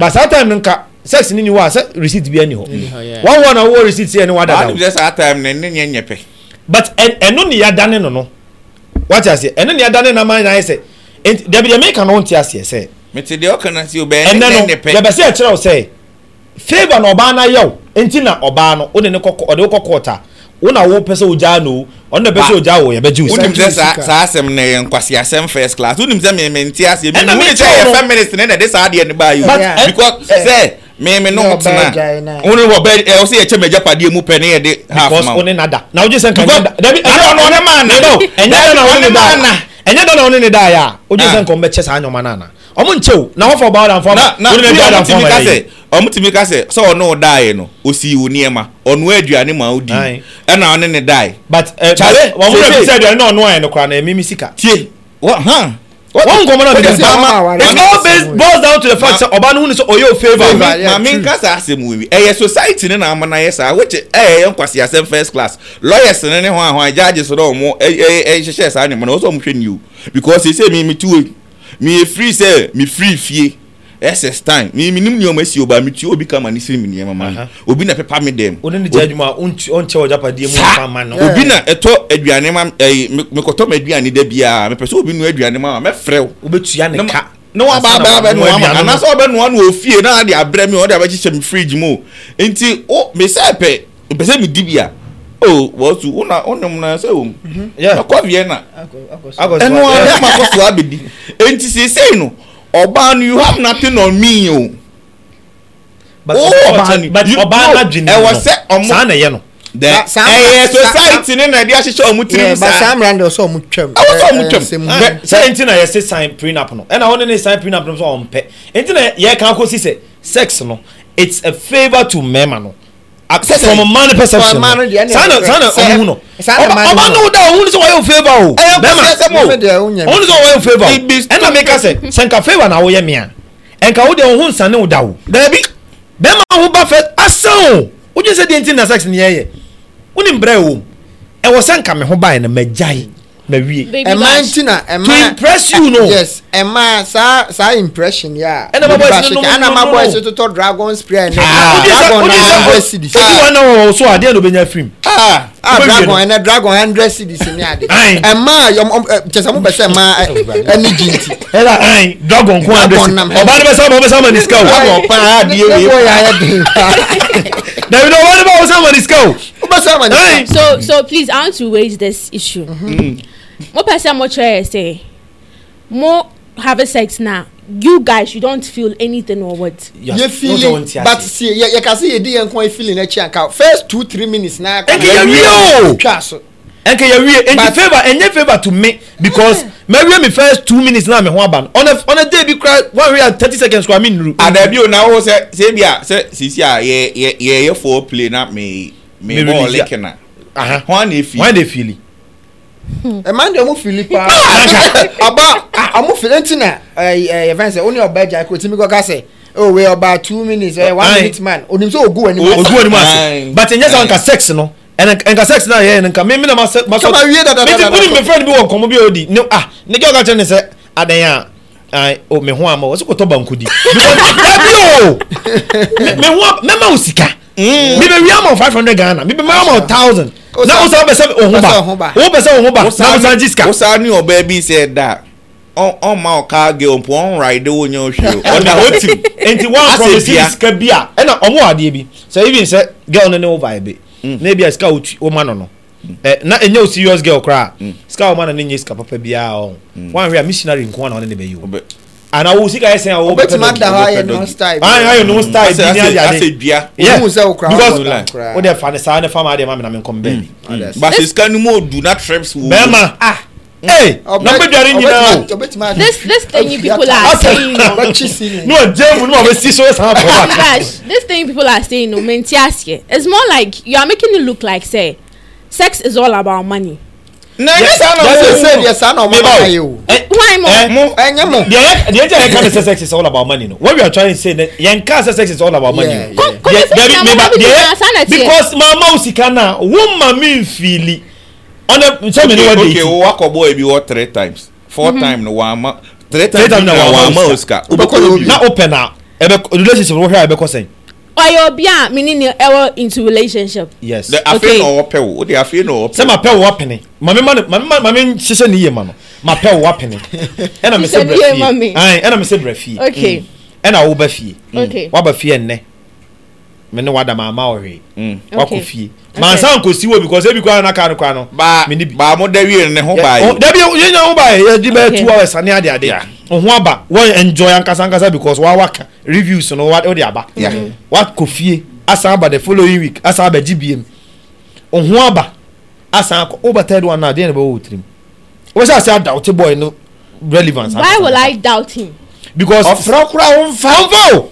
but saa time no nka sex ni ni wa sɛ receipt bi ani hɔ wɔn wɔn na wɔwɔ receipt yɛ ni wa dada o. wɔn saa time no ne nyɛ nyɛ pɛ. but ɛno ne yadane no no wate aseɛ ɛno ne yadane na man na ayɛ sɛ nti dabi deɛ meka no nte aseɛ sɛ. mete deɛ ɔka na si o bɛɛ ɛnɛ no yɛbɛsɛ ɛkyerɛw sɛ favour na ɔbaa na yɛw nti na ɔbaa no wone ne kɔkɔ ɔde wokɔ kɔɔta wona wopɛ sɛ wogyaa no ɔno na ɛpɛ sɛ ogyaa wo yɛbɛgye wo wonim sɛ saa asɛm no yɛ nkwaseasɛm first class wonim sɛ memente aseɛ mewone kyɛ yɛ feminist ne na de saa adeɛ no baa yi eh, because eh. sɛ mímí ní o tena wọn wọ bẹẹ ẹ ọ sẹ yẹ kyẹ mẹ mu pẹ ne yẹ de half ma o. because o ne na da na o jẹ sẹ nkan yẹ na ọ da ẹnyẹ na ọ da yà o jẹ sẹ nkan bẹ saa nyọma na na ɔmo nkyɛw na wɔfɔ ɔbaa dan fɔm na na fi ɔmo timi ka sɛ ɔmo timi ka sɛ sɛ ɔno daayɛ no osi wo nneɛma ɔno aduane ma odi ɛna ɔne ne daayɛ. but ɛɛ kyale wɔn mu na fi sɛ aduane na ɔno ayɛ no kora na ɛmi mi sika. tie wɔ han wọn kọ mọ náà bíi ọba it all based boils down to the fact say ọba nuhu ni sọ ọyẹ o favour. maami nka saa asem wo wi ɛyɛ society ni na ama na yɛ saa which ɛyɛ yɛ nkwasi asɛm first class lawyers ni ne ho ahon judges na ɔmo ɛyɛ ɛyɛ hyehyɛ saa ni mo na ɔsɔ ɔmo hwɛ ni o because ɛsɛ mi mi tu o meyɛ firi sɛ mefiri fie ɛsɛs time mi mi nim nneɛma esi oba mi tu obi kama ne siri mi nneɛma ma obi na pepa mi dɛm. o ne ni jɛ adwuma ɔnkyɛ ɔja padeɛ mu nfa ma no. obi na ɛtɔ aduane ma ɛyi mekɔtɔ ma aduane da biara mepɛ sɛ obi nu aduane ma ma mɛfrɛ o. o bɛ tuya ne ka ne wa ba ba bɛ nua ma anasɛ ɔbɛ nua no ofie na adi abrɛ mi ɔdi abɛkyikyɛ mi fridge mu o nti o mesɛ pɛ mpɛsɛ mi di bi a o wɔsu wona wonum na sɛ wom ɛkɔ vienna ɛno a ma kɔ so abɛdi enti seesei no ɔbaa no you have nothing on me o wowɔ ɔbaa no ɛwɔ sɛ ɔmo saa na ɛyɛ no ɛyɛ society ne na ɛde ahyehyɛ ɔmo tirim saa saa mmeran de ɔsɛ ɔmo twɛm ɛwɔ sɛ ɔmo twɛm sɛ nti na yɛsɛ sign prenup no ɛna wɔn ne sign prenup no nso ɔmo pɛ nti na yɛ kan kɔ si sɛ sex no it's a favour to mɛma no access from man perception sanni sanni ọmọ hun nọ ọba n'o da ohun nisɔn wayɛ o favour o bɛɛma ohun nisɔn wayɛ o favour ɛna mi ka sɛ favour na o yɛ mia ɛnka o de ohun sanni o da o bɛɛbi bɛɛma ohun ba fɛ asan o o jɛ sɛ den ti na sex ni yɛ yɛ o ni n bɛrɛ wo ɛwɔ sɛnka mi ho ba yɛ na mɛ mawie ɛmaa nti na ɛmaa to impress you no yes ɛmaa saa saa impression yɛ a ɛna ma boys no no no no ɛna ma boys totɔ dragon spray ɛnɛ ah. dragon na hundred cedis obi wa na wɔ so adeɛ na o bɛ nya firim aa dragon ɛnɛ dragon hundred cedis ni ade ɛmaa yɔm kyesɛ mo bɛ sɛ ɛmaa ɛni ji nti ɛna ɛn dragon kun hundred cedis ɔbaa ni bɛ sɛ ɔbaa bɛ sɛ ɔbaa ni sika o dragon pan adeɛ wei dabi na ɔbaa ni bɛ sɛ ɔbaa ni sika o. so so please i want to raise this issue. Mm-hmm. Mm -hmm. Mm -hmm mo person sẹ mo kyerɛ yɛ sɛ mo have sex na you guys you don't feel anything or what. yẹ feeling but si yẹ yẹ see yẹ di yẹn kàn yẹ feeling ẹ kyan ka first two three minutes na. ẹ kì í yẹ wíyẹ o twa so. ẹ kì í favour ẹ favour to me because mẹ wíyẹ mi first two minutes náà mi hún àbá on a on a day bi kura one way and thirty seconds kura mi nuru. àdàbí o náà wọ́n sẹ ṣé bí a sẹ sisi a yẹ yẹ yẹ yẹ fọ play na mi mi bọ́ọ̀lì kìnnà. wọn á fili. wọn á fili ɛmaa deɛ ɔmo fili paa ɔba ɔmo fili nti na ɛyɛ fɛn sɛ ɔne ɔba gya kuro timi kɔka sɛ o wei ɔba two minutes ɛyɛ one minute man onim sɛ ogu wɔ nimu ase ogu wɔ nimu ase but n yɛ sɛ nka sex no nka sex na yɛ nka mi na ma sɛ ma sɔ mi ti kuni mi fɛn bi wɔ nkɔmɔ bi o di ne ah ne kɛ ɔka kyerɛ ne sɛ ayi o mi ho ama o sɛ kɔtɔ banku di ɛbi o mi ho mɛma o sika mi bɛ wi ama o five hundred ghana mi bɛ ma ama o thousand na wosan bɛ sɛ ohun ba wo bɛ sɛ ohun ba na wosan ji sika. wosan ni ɔbɛ bi sɛ da ɔma ɔka ge ompo ɔnra ide wo nye ohwe o ɔna o ti nti wọn promise ni sika bi a ɛna ɔmo adeɛ bi sɛ even sɛ girl no ne wo vibe na ebi a sika o tu o ma no no ɛ na enye o serious girl koraa sika o ma no ne nye sika papa bi a ɔn wọn ahwɛ a missionary nko na ɔne ne bɛ yi o anawuhusika yɛ sɛn awo bɛtɛ dɔ bɛtɛ dɔ bi an yɛ nu style bi ni a yɛ de yɛ because o de fa ne saa ne fa ma de ma mina mi nkɔm bɛɛ ni. baasi sika ni mo do na trips wo. bɛɛma ah ee n'an bɛ jɔyɔrɔ ɲinan o. this this thing you people are saying. Oh. n'o jɛmu n'o bɛ siso san fɔ wa. gosh this thing people are saying No, oh, mɛ n ti it's more like you are making it look like say sex is all about money na ɛnyɛ saa na ɔmo sɛ deɛ saa na ɔmo aka yi o why mo ɛnyɛ mo deɛ deɛ nkyɛn yɛn ka ne sɛ sex is all about money no what we are trying to say ne yɛn ka sɛ sex is all about money o deɛ deɛ meba deɛ because maama o sika na wo maami nfiili ɔnɛ nkyɛn mi ni wɔ deeti okay o wakɔ bɔ ebi wɔ three times four times na wɔn ama three times na wɔn ama o sika na o pɛ na relationship wɔhwɛ a ɛbɛkɔ sɛn ɔyɛ obi a mini ni ɛwɔ into relationship. yes Okay. afei na ɔwɔ pɛwo o de afei na ɔwɔ pɛwo. sɛ ma pɛwo wapini maame ma maame ma maame hyehyɛ ni yie ma no ma pɛwo wapini ɛna mi sɛ brɛ fie ɛna mi sɛ brɛ fie mm. ɛna awo ba fie mm. waba fie nnɛ mene wada maama wɔ mm. wakɔ fie okay. mansa nkosi wo because ebi kora na no kora no baa baa mo dawie ne ho baa yi oh, dabi yɛn nyɛ ho baa yi yɛdi bɛyɛ two hours ani ade ade ɔho aba wɔn enjoy ankasa ankasa because wa waka reviews no wa aba mm-hmm. wakɔ fie asan aba the following week asan aba gbm ɔho aba asan akɔ ɔba third one na adeɛ na bɛ wɔ tirim wɔn sɛ ase adawte boy no relevance. why will i doubt him. because ɔfrɛ kura ho nfa o.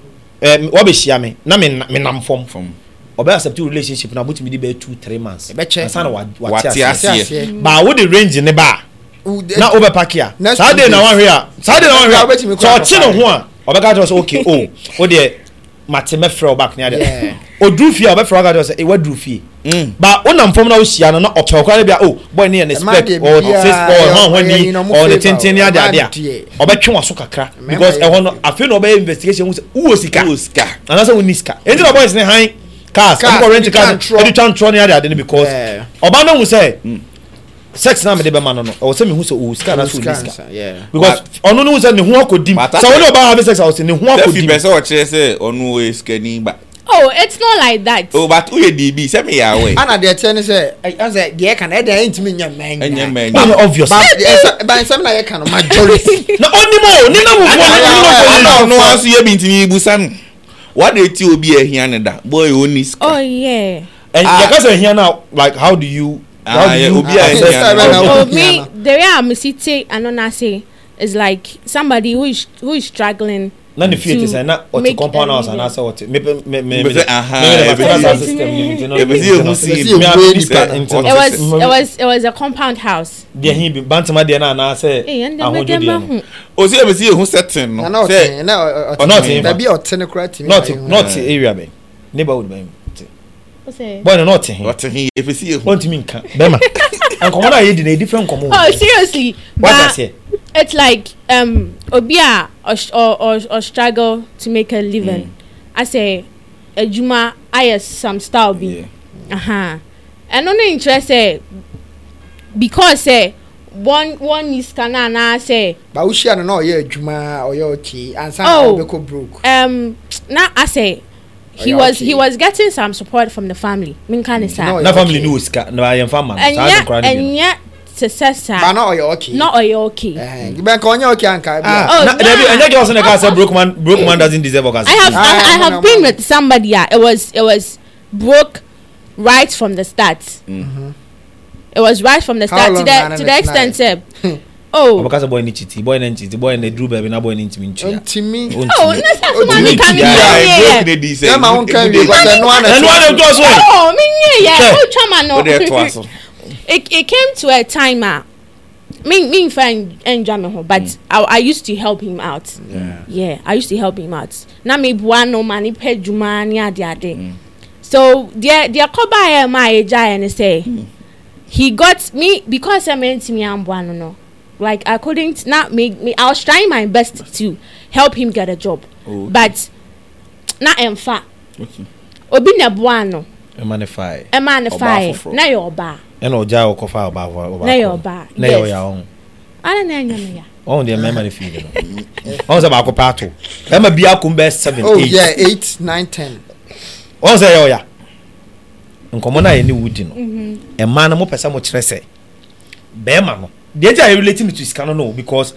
ɛɛ wɔbɛhyia mi na mi nam fam ɔbɛ accept relationship na butumi di bɛ two three months ɛbɛkyɛ asan wa wa ti aseɛ baa wo de range ne ba na o bɛ paki a saa na wa hwɛ a saa de na wa hwɛ a sɛ ɔkye ne ho a ɔbɛka kyerɛ sɛ okay o o deɛ mate mɛfrɛ o back ne adeɛ oduru fie a ɔbɛfra wakati sɛ ewa duru fie mm. ba onam fam na ohyia no na ɔtɔ ɔkora bi a o oh, boy ne yɛ ne spec ɔwɔ ne six ɔwɔ hɔn hɔn ni ɔwɔ ne tenten ne adeade a ɔbɛtwe wɔn so kakra because ɛhɔ no afei na ɔbɛyɛ investigation ho sɛ uwo sika uwo sika anasɛ wo ni sika eti na boys ne han cars ɔmukɔ rent car ɛdi twa ntorɔ ne adeade ne because ɔbaa no hu sɛ mm. sex naa mi de bɛ ma no no ɔwɔ sɛ mi hu sɛ owu oh, sika anaasɛ owu sika because ɔno ne hu sɛ ne ho akɔ dim sɛ wɔn ne ɔbaa ha bi sex a ɔsɛ ne ho akɔ dim. sɛ fi bɛ sɛ ɔkyerɛ sɛ ɔno oyɛ ni ba oh it's not like that. o oh, but who ye di bi sẹ́mi yà wẹ̀. ana deɛ tiɛ ni sɛ ɔsɛ deɛ kan ɛdɛ ɛyɛ ntumi nyɛ mɛ nyɛ. ɛnyɛ mɛ nyɛ. báyìí obvious. báyìí sẹ́mi na yɛ kan majority. na ɔnimɔ ninamu fún ɔnimɔ. ɔnà ɔnà wọn sún yẹ bi ntumi ibu sanu wàá de ti obi ɛhiã ni da boy o ni sika. oh yeah. ɛ yɛ kasa ɛhiã na like how do you. Ah, how do you obi ɛhiã na. obi the way i'm sitting say is like somebody who is who is struggling na ne fie te sɛ na ɔte compound house anaasɛ ɔte mepɛ mepɛ aha system yɛbɛsi ehu si ehu nipa it was a compound house deɛ hin bi bantama deɛ na anaasɛ ahodwo deɛ no osi yɛbɛsi ehu setting no sɛ ɔna ɔte baabi ɔte ne kora timi n'ɔte n'ɔte area bɛ neighborhood bɛ mu bɔn na n'ɔte hin ɔte hin yɛbɛsi ehu ɔntumi nka bɛma nkɔmɔ na yɛ di na yɛ di fɛ nkɔmɔ wɔ oh seriously but it's like um obi a or, or, or struggle to make a living. Mm. I say, adwuma ayɛ some style be, yeah. uh-huh. ɛno ne interest sɛ eh, because sɛ eh, one one is scan na say. But o hyia no na ɔyɛ adwuma ɔyɛ ɔkye ansa na ɔbɛkɔ broke. um na asɛ he was he was getting some support from the family Min ne mm. saa. na family ni o na yɛn fa ma no saa de kora ne te sɛ saa. ba na ɔyɛ ɔkè. na ɔyɛ ɔkè. bɛn ka ɔnyɛ ɔkè anka. na dabi ɛnyɛ kí ɔsán ɛka sɛ brokeman brokeman doesn't deserve ɔka i have ah, i have been with somebody ah it was it was broke right from the start. Mm-hmm. it was right from the start to the to the extent sɛ. Oh. Ọbọkasa bọyị ni chiti bọyị na nchiti bọyị na eduru baabi na bọyị na ntumi ntwi Ntumi. Oh na sa mi ka mi nye yẹ. Ẹ ma n kan yi. Ẹnu wa na etu ọsọ yi. Ọ mi nye yẹ. O twa ma nọ. O de ẹ to aso it, it came to a time ah me me nfa enjoy me ho but mm. I, i used to help him out yeah, yeah i used to help him out na me bua no ma ne pɛ dwuma ne ade ade mm. so deɛ deɛ kɔba yɛ ma e a yɛgya yɛ ne mm. he got me because ɛ mɛ ntumi amboa no no like i couldn't na me me i was trying my best to help him get a job oh, okay. but na ɛnfa okay. obi na bua no ɛma ne fa yɛ ɛma ne fa na yɛ ɔbaa ɛna ɔgya oh, oh, a ɔkɔfa ɔbaafo ɔbaafo na yɛ ɔbaa yes na yɛ ɔya ɔn ana na ɛnyɛ no ya ɔn deɛ mmarima no fii no ɔn sɛ baako paato ɛma bi akom bɛɛ seven oh, eight oh yeah eight nine ten ɔn sɛ yɛ ɔya nkɔmɔ no a yɛ ne wudi no ɛmaa no mo pɛ sɛ mo kyerɛ sɛ bɛrima no deɛ gya a yɛ relate to sika no no because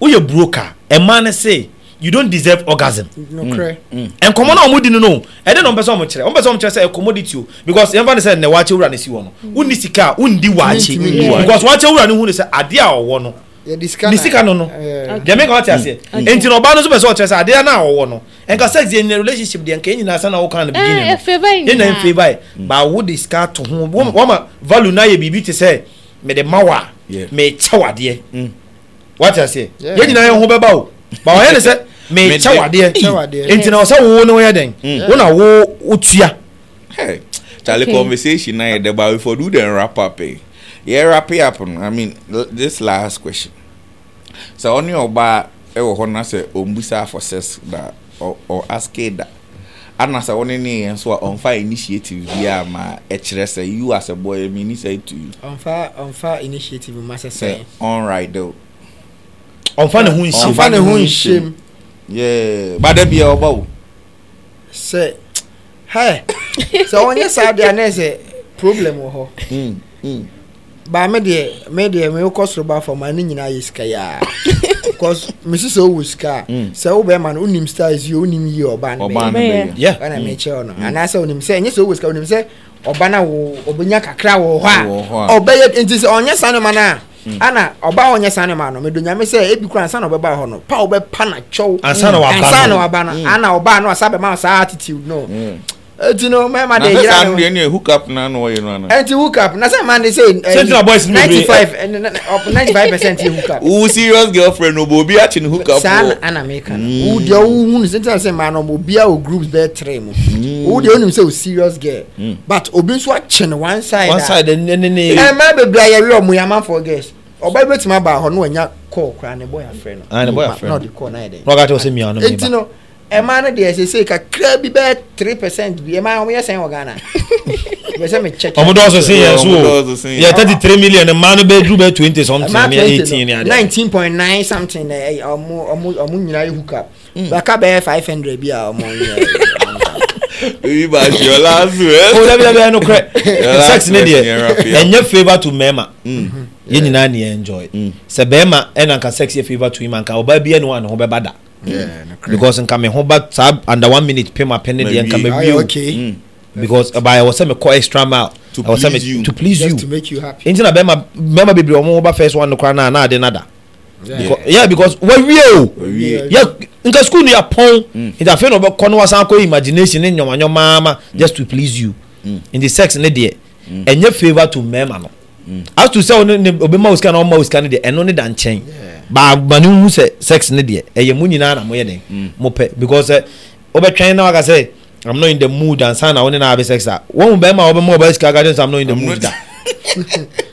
woyɛ broker ɛmaa no say you don't deserve orgasm. nkɔmɔ naa ɔmo di no no ɛde na ɔmo pɛ sɛ ɔmo kyerɛ ɔmo pɛ sɛ ɔmo kyerɛ sɛ commodity o because yɛn fa ne sɛ ne waakye wura ne si wɔ no wunni sika wundi waakye because waakye wura ne hu ne sɛ adeɛ a ɔwɔ eh, no ne sika no no deɛ mi ka ɔte aseɛ nti na ɔbaa no nso pɛ sɛ ɔkyerɛ sɛ adeɛ na ɔwɔ no nka sex yɛ ne relationship deɛ nka yɛn nyinaa sanni awo kan na bi yɛn yɛn na yɛn ba yɛ ba awo de sika to ho wɔma value na yɛ biribi te ba wɔyɛ ne mɛ kyɛwadeɛ nti na ɔsɛ wo ne woyɛ den. Hmm. wo na wo wotua Charlie, okay. conversation I had about before do then wrap up. Eh? Yeah, wrap it up. I mean, this last question. So on your bar, I eh, will honor say, for sex that or, or ask it that. And as I want any and so on fire initiative via my HRS, you as a boy, I mean, say to you. On fire, on fire initiative, master say. All right, though. On fire, on fire, on fire gbadɛ bia ɔba wo sɛ hɛ sɛ ɔnyɛ saa deɛ anɛ sɛ problem wɔ hɔ baa deɛ me deɛ me wokɔ soro ba fam a ne nyinaa yɛ sika yɛa because mesi sɛ wowɔ sika a hmm. sɛ wobɛma no wonim styles yie wonim yie ɔba no ɛna mekyerɛ no anaasɛ wonim sɛ ɛnyɛ sɛ wowɔ sika wonim sɛ ɔba no a ɔbɛnya kakra wɔ hɔ a ɔbɛyɛ nti sɛ ɔnyɛ saa no ma no Hmm. ana ɔbaa ɔnyɛ saa ne ma no medo nyame sɛ ebi kura ansa na ɔbɛba hɔ no pa ɔbɛpa na kyɛw ansa na hmm. waba no hmm. ana ɔbaa no asa bɛma saa attitude no etu eh, no mmarima de yira ne ho na sɛ eh, hook up na na wɔyɛ no ana ɛnti eh, hook up na sɛ man de say sɛntina boys ni ninety five ninety five percent yɛ hook up wo serious girlfriend o bo obi akyi ne hook up o saa na ana mi mm. ka no wo mm. say wo oh, hu no sɛntina maa na ɔmo obi a o groups bɛɛ tere mu wo deɛ onim sɛ o serious girl mm. but obi nso a ne one side one ah. side ne ne ne mmaa bebree ayɛ wi ɔmo yamma for girls ɔbaa bi tuma ba hɔ no wɔnya call kura ne boy afrɛ no ah, ne boy afrɛ no na ɔde call na yɛ dɛ ɔka kyerɛ sɛ mia no mi ba eti no ɛmaa no deɛ ɛsese kakra bi bɛyɛ three percent bi ɛmaa wɔn yɛ sɛn wɔ ghana bɛ sɛ mi kyɛ kyɛ. ɔmu dɔɔso sin yɛn so yɛ thirty three million ɛmaa no bɛɛ duru bɛɛ twenty something ɛmaa twenty no nineteen point nine something ɛɛ ɔmu ɔmu ɔmu nyinaa yɛ hook up baka hmm. bɛyɛ five hundred bi a ɔmu yɛ. ebi ba se ɔla su ɛ. o dabi dabi ɛnu korɛ sex ne deɛ ɛnyɛ favour to mɛɛma hmm. yɛn nyinaa ni yɛ enjoy sɛ bɛɛma ɛna nka sex yɛ favour to yi ma nka ɔbaa bi ɛnu wa ne ho bɛba da because nka me ho ba saa under one minute pay my pɛ ne deɛ nka me wi o because ɛba ɛwɔ sɛ me kɔ extra mile ɛwɔ sɛ me to please you nti na bɛrima bɛrima bebree ɔmo ba first one no kora naa naa de nada. yeah because wawie o yeah nka school no yɛ pɔn nti afei na ɔbɛkɔ no wasan akɔ imagination ne nyɔmanyɔmaama just to please you nti sex ne deɛ ɛnyɛ favour to mɛɛma no as to sɛ ɔbɛma osika na ɔma osika ne deɛ ɛno ne da nkyɛn. Yeah baaba ne hu sɛ sex ne deɛ ɛyɛ mo nyinaa na mo yɛ den mo mm. pɛ because eh, wobɛtwɛn na waka sɛ i'm not in the mood and na wo ne na abɛ sex a wɔn mu bɛrima a wɔbɛma wɔbɛ sika garden so i'm not in the mood da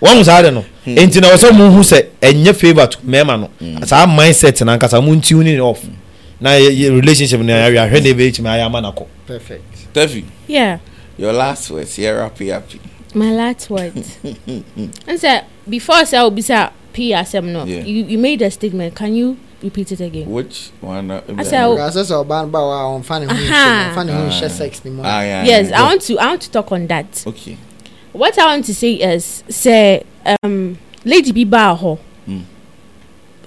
wɔn mu saa de no hmm. nti na wɔsɛ mo hu sɛ ɛnyɛ favour to mɛrima no hmm. saa mindset na nkasa mo nti ne off na relationship na yɛ ahwɛ de bɛ ekyim ayɛ ama na kɔ. perfect. tefi. yeah. your last words yɛ rapi rapi. my last words. n sɛ before sɛ obi sɛ. P asem no. Yeah. You you made a statement. Can you repeat it again? Which one? Uh, I said. Oh. I said about uh, uh-huh. ah, yes, I want to. I want to talk on that. Okay. What I want to say is, say, um, lady be bar ho. Hmm.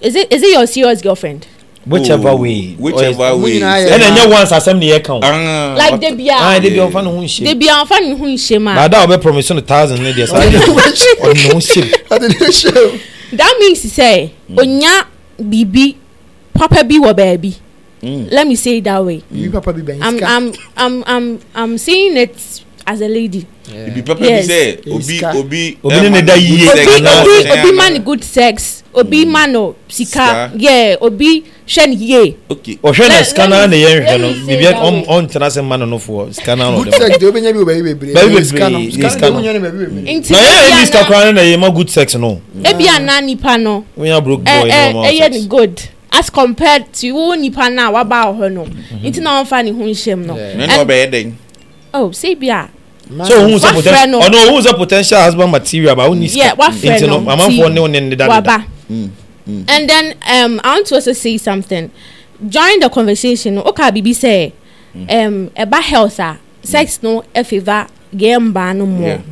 Is it is it your serious girlfriend? whichever oh, way whichever way ɛna nye once asɛm ni yɛ kan like debi a debi ah, a ɔfa ne ho nhyɛ debi a ɔfa ne ho nhyɛ ma baada a ɔbɛ promise oh, no thousand ne deɛ saa ɔde ne ho nhyɛ mu that means sɛ hmm. onya biribi papa bi wɔ baabi. Mm. let me say it that way. Mm. Mm. I'm, I'm, I'm, I'm, I'm seeing it as a lady. Yeah. ibi papa yes. bi sɛ obi obi eh, obi ne ne da yiye. obi obi obi ma ni good sex obi mm. ma no sika yeah obi hwɛ ne yie. ɔhwɛ na scanner na yɛn hwɛ no bibi ɔntena se mma nono foɔ scanner no. good sex de obɛnya bi wɔ baabi bebree. baabi bebree yɛ scanner na yɛn ebi sika koraa na yɛ ma good sex no. ebi ana nipa no. wonya broke eh, boy na ɔmo ɛyɛ ni good as compared to wo nipa na waba wɔ hɔ no mm-hmm. nti na wɔn fa ne ho nhyɛm no. ɛnna ɔbɛyɛ dɛn. oh say bi a so ohun sɛ potential ɔno ohun sɛ potential husband material ba ohun ni sika nti no amanfoɔ ne wɔn waba. Mm. Mm. And then um, I want to also say something. During the conversation, okay, Bibi say, mm. um, about health, uh, sex mm. no, a e favor, game ban no more. Yeah.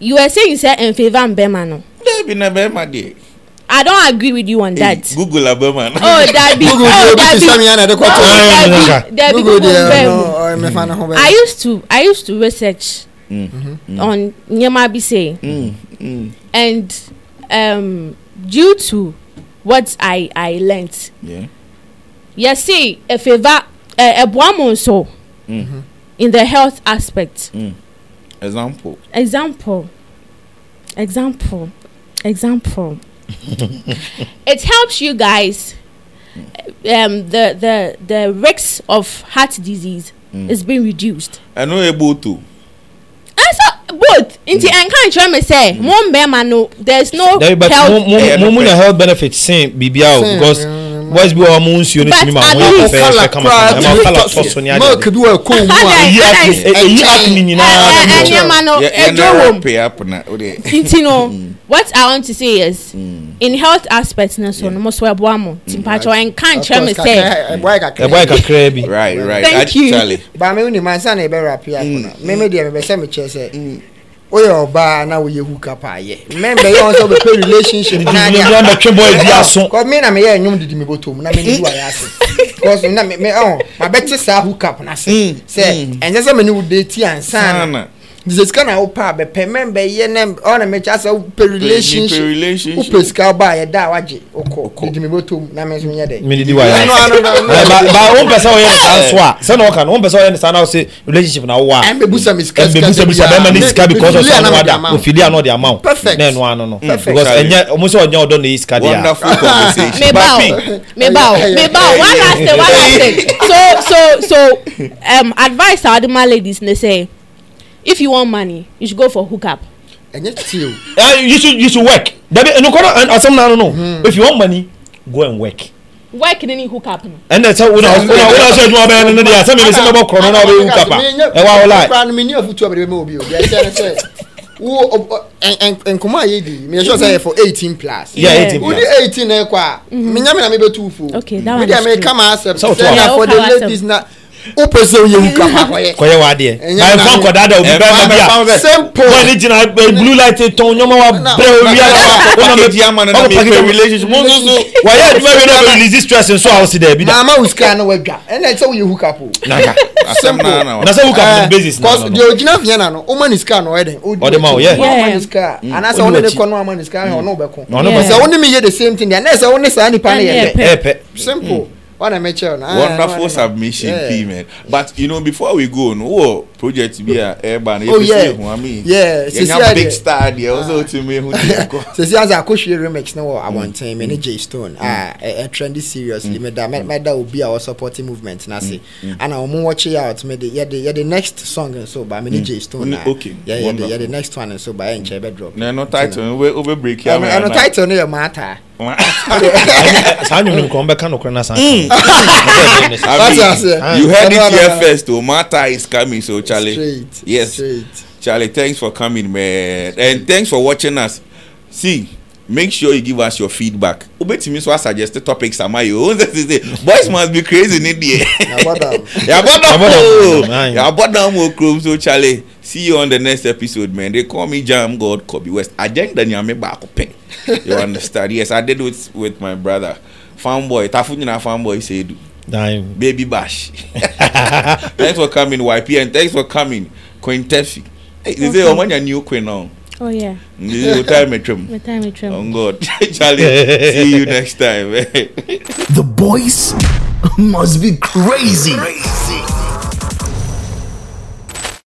You were saying you said in favor and bema no. be na bema de. I don't agree with you on hey, that. Google abema. Oh, that be. Google oh, that be. Oh, that be. Google That be. Oh, I used to I used to research mm. Mm-hmm. Mm. on Nyama Bise. Mm. Mm. And um due to what i i learnt yeah. yɛse a ɛboa mo so in the health aspect mm. example example example example it helps you guys mm. um, the the the risks of heart disease mm. is being reduced. I'm not able to. ɛsɛ both nti ɛnka mm. nkyerɛ mi sɛ mm. mo mbɛɛma no there is no health. mo mo mo mo health benefits sin biribi awo because west bi wɔ mu nsuo no tumi ma wɔn yɛ fɛɛfɛ kamakama ɛma kala tɔso ni adeɛ bi wɔ ɛkɔ mu a eyi ati eyi ati ni nyinaa na mi wɔ ɛdɔ wɔm nti no what i want to say is mm. in health aspect na so no mo so ɛboa mo ti mpatsɛ ɛn kan kyerɛ mi sɛ ɛboa kakra bi right right actually baami ni mansa na ɛbɛ rapi akuna mɛmɛ deɛ mɛbɛ sɛ mi oyɛ ɔbaa na oyɛ huka paayɛ mɛmbɛ yɛ wɔn sɛ ɔbɛpɛ relationship naa ni a didi mi bɛtwe bɔ ebi aso kɔ mi na mi yɛ ɛnyom didi mi bɔ tom na mi ni du ayɛ ase kɔsu na mi mi ɔn ma bɛ ti saa huka na se sɛ ɛnyɛ sɛ mi ni wo de ti ansan na sɛ sika na wopɛ a bɛpɛ mɛmbɛ yɛ ne ɔna mɛkyɛ sɛ wopɛ relationship wopɛ sika ba a yɛda a wagye wokɔ mede mebɛtɔ mu na meso nyɛ dɛ mededi wa wompɛ sɛ woyɛ ne nso a sɛ na wɔka no wompɛ sɛ woyɛ ne saa se relationship na wowɔ eh, a ɛmbɛbusa me sika ɛmbɛbusa bisa sika because of sɛ wada ofilia na ɔde because ɛnyɛ ɔmo sɛ ɔnyɛ ɔdɔ na ɛyi sika deɛ wonderful conversation one last thing one last thing so so so um, advice to our ladies ne say if you want money you should go for hookup. ẹ̀yẹ́ ti o. you should you should work dabi enukọ́nà asam na no if you want money go and work. work ni ni hookup no. ẹnna sẹ wọn náà wọn náà wọn náà sọ ẹdun ọbẹ ẹni nídìí asẹ mi mi sẹ mi bọ kọrọ náà ọbẹ hookup a ẹ wá ọlá ẹ. mi ní òfutu ọbẹ mi obi o bí ẹ ṣe ẹ sẹ wo nkɔmɔ a yɛ di mi yɛ sɔ sɛ eighteen plus. yɛ eighteen plus wuli eighteen na yɛ a mi nyamina mi bɛ t'u fo. okay that one is true mi di a mi kama asɛ sɛ yɛ fɔ ladies na o pese oye wuka fa kɔyɛ. kɔyɛ wa adiɛ na efa nkɔda da obi bɛrɛ ma bi a bɔn ne jina eh, blue light eh, tɔn ɲɔmɔ wa bɛrɛ o wia la o na bɛ ɔmɔ pakiti relationship mo soso wa yɛ adumɛ bi na bɛ release stress nso awo si dɛ bi da. maa ma o sika na wa dwa ɛna sɛ o wuka po. naka simple na sɛ wuka po basis na nɔ. de o jina fiɲɛ na no o ma nin sika nɔ yɛ dɛ. ɔdi ma o yɛ. o ma nin sika anase o ne de kɔnɔ a ma nin sika yɛ ɔn'o bɛ kun. ɔn'o bɛ kun. sɛ o ni mi ye the same thing yɛ ne sɛ o ni sa nipa ni yɛ dɛ. simple. Mm. Ah, Wonderful submission, female. But you know, before we go, no, project bi a ɛɛba no yɛpɛ sɛ ehu ami yɛnya big star deɛ ɔsɛ otumi ehu deɛ kɔ. sisi aza akosue remix no wɔ abɔnten mi ne jay stone a ɛ trendy seriously mi da mi da obi a supporting movement n'ase ana wɔn wɔkye a ɔtumi de yɛde yɛde next song nso ba mi ne mm. jay stone na yɛ yɛde yɛde next one nso ba yɛ nkyɛn bɛ drop. na ɛno title no wo bɛ break yam ɛno ɛno title no yɛ maa taa. saa nwom no nkɔm bɛka nokora no you heard it here first o mata is coming so Charlie. Straight. Yes. Straight. Charlie, thanks for coming, man. And thanks for watching us. See, make sure you give us your feedback. Obetimi so suggested topics am I own this is Boys must be crazy in India. Yabodam. Yabodam so Charlie. See you on the next episode, man. They call me Jam God Kobe West. Agenda nyame baako pen. You understand? Yes, I did with with my brother. Fanboy, tafu nyina fanboy say do. Dime. Baby Bash. thanks for coming, YP, and thanks for coming, Queen Tefi. Hey, is okay. it Omanya new queen now? Oh yeah. This is time trim. My time trim. Oh God, Charlie. see you next time. the boys must be crazy. Crazy.